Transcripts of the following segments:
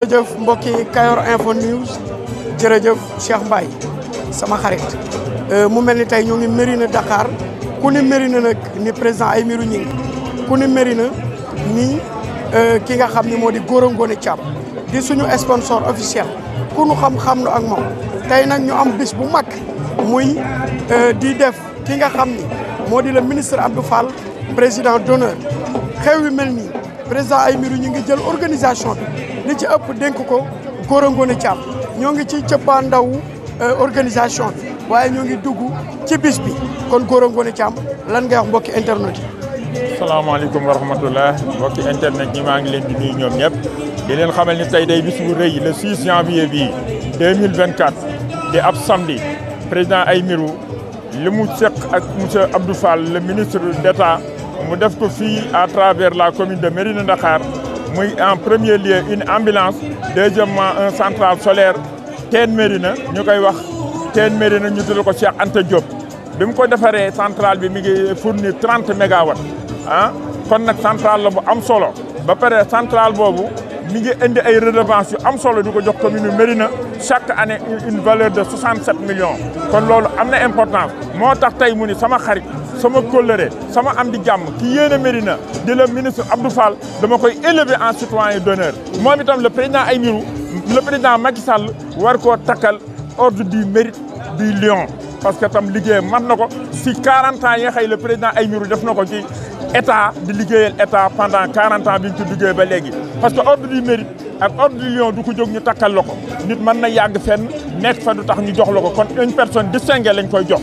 jërëjëf mbokki Kayor Info News jërëjëf Cheikh Mbaye sama xarit euh, mu mel ni tey ñoo ngi Mérina Dakar ku ni Mérina nag ni président ay Aymérou Gningue ku ni Mérina ni euh, ki nga xam ni moo di Gora Ngone Thiam di suñu sponsor officiel ku nu xam-xam nu ak moom tey nag ñu am bis bu mag muy euh, di def ki nga xam ni moo di le ministre Abdou Fall président d'honneur xew wi président Aymirou ñu ngi jël organisation bi li ci ëpp dénk ko Gora Ngone Thiam ñoo ngi ci cëppaa ndaw euh, organisation bi waaye ñoo ngi dugg ci bis bi kon Gora Ngone Thiam lan ngay wax mbokki internet yi. salaamaaleykum wa rahmatullah mbokki internet ñi maa ngi leen di nuyu ñoom di leen xamal ni tey day bis bu rëy bi 6 janvier bii 2024 di ab sambi président ay Aymirou li mu seq ak monsieur Abdou Fall le ministre d' état. mu def ko fi à travers la commune de Mérina Dakhar muy en premier lieu une ambulance deuxièmement un central solaire teen Mérina ñu koy wax teen Mérina ñu tudd ko Cheikh Anta Diop bi mu ko defaree central bi mi ngi fournir trente mégawatts ah kon nag centrale la bu am solo ba pare centrale boobu mi ngi indi ay redevance yu am solo di ko jox commune Mérina chaque année une valeur de 67 millions kon loolu am na importance moo tax tey mu ni sama xarit sama kóllëre sama am di jam ki yéene mérina di la ministre Abdou Fall dama koy élever en citoyen d'honneur mom itam le président aymirou le président Macky Sall war ko takal ordre du mérite du lion parce que tam liggéey man nako ko si 40 ans yi xey le président aymirou def nako ci état di liggéeyal état pendant 40 ans biñ ci liggéey ba légui parce que ordre du mérite ak ordre du lion du ko jóg ñu takal la nit man na yag fenn nekk fa du tax ñu jox la kon une personne distinguée lañ koy jox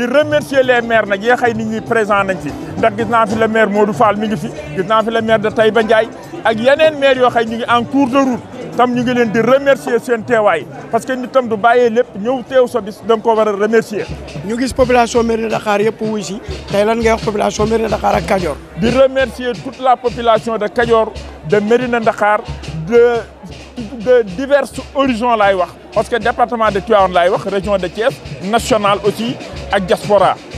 de remercier les maires qui sont présents nit ñi présent nañ gis fi le maire Modou Fall mi ngi fi gis fi le maire de Taïba Ndiaye ak yeneen maires yoo xëy ñu ngi en cours de route tam ñu ngi leen di remercier seen teewaay parce que nous tam du bàyyee lépp ñëw teew sa bis da nga ko war remercier ñu gis population de Dakhar yëpp wuy si tey lan ngay wax population Mérina dakar ak Kajoor di remercier toute la population de Kajoor de Mérina Dakar, de de diverses origines. laay wax parce que département de Tivaouane laay wax région de Thiès national aussi ak diaspora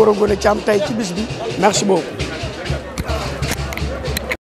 Gora Ngoné Thiam tey ci bis bi merci beaucoup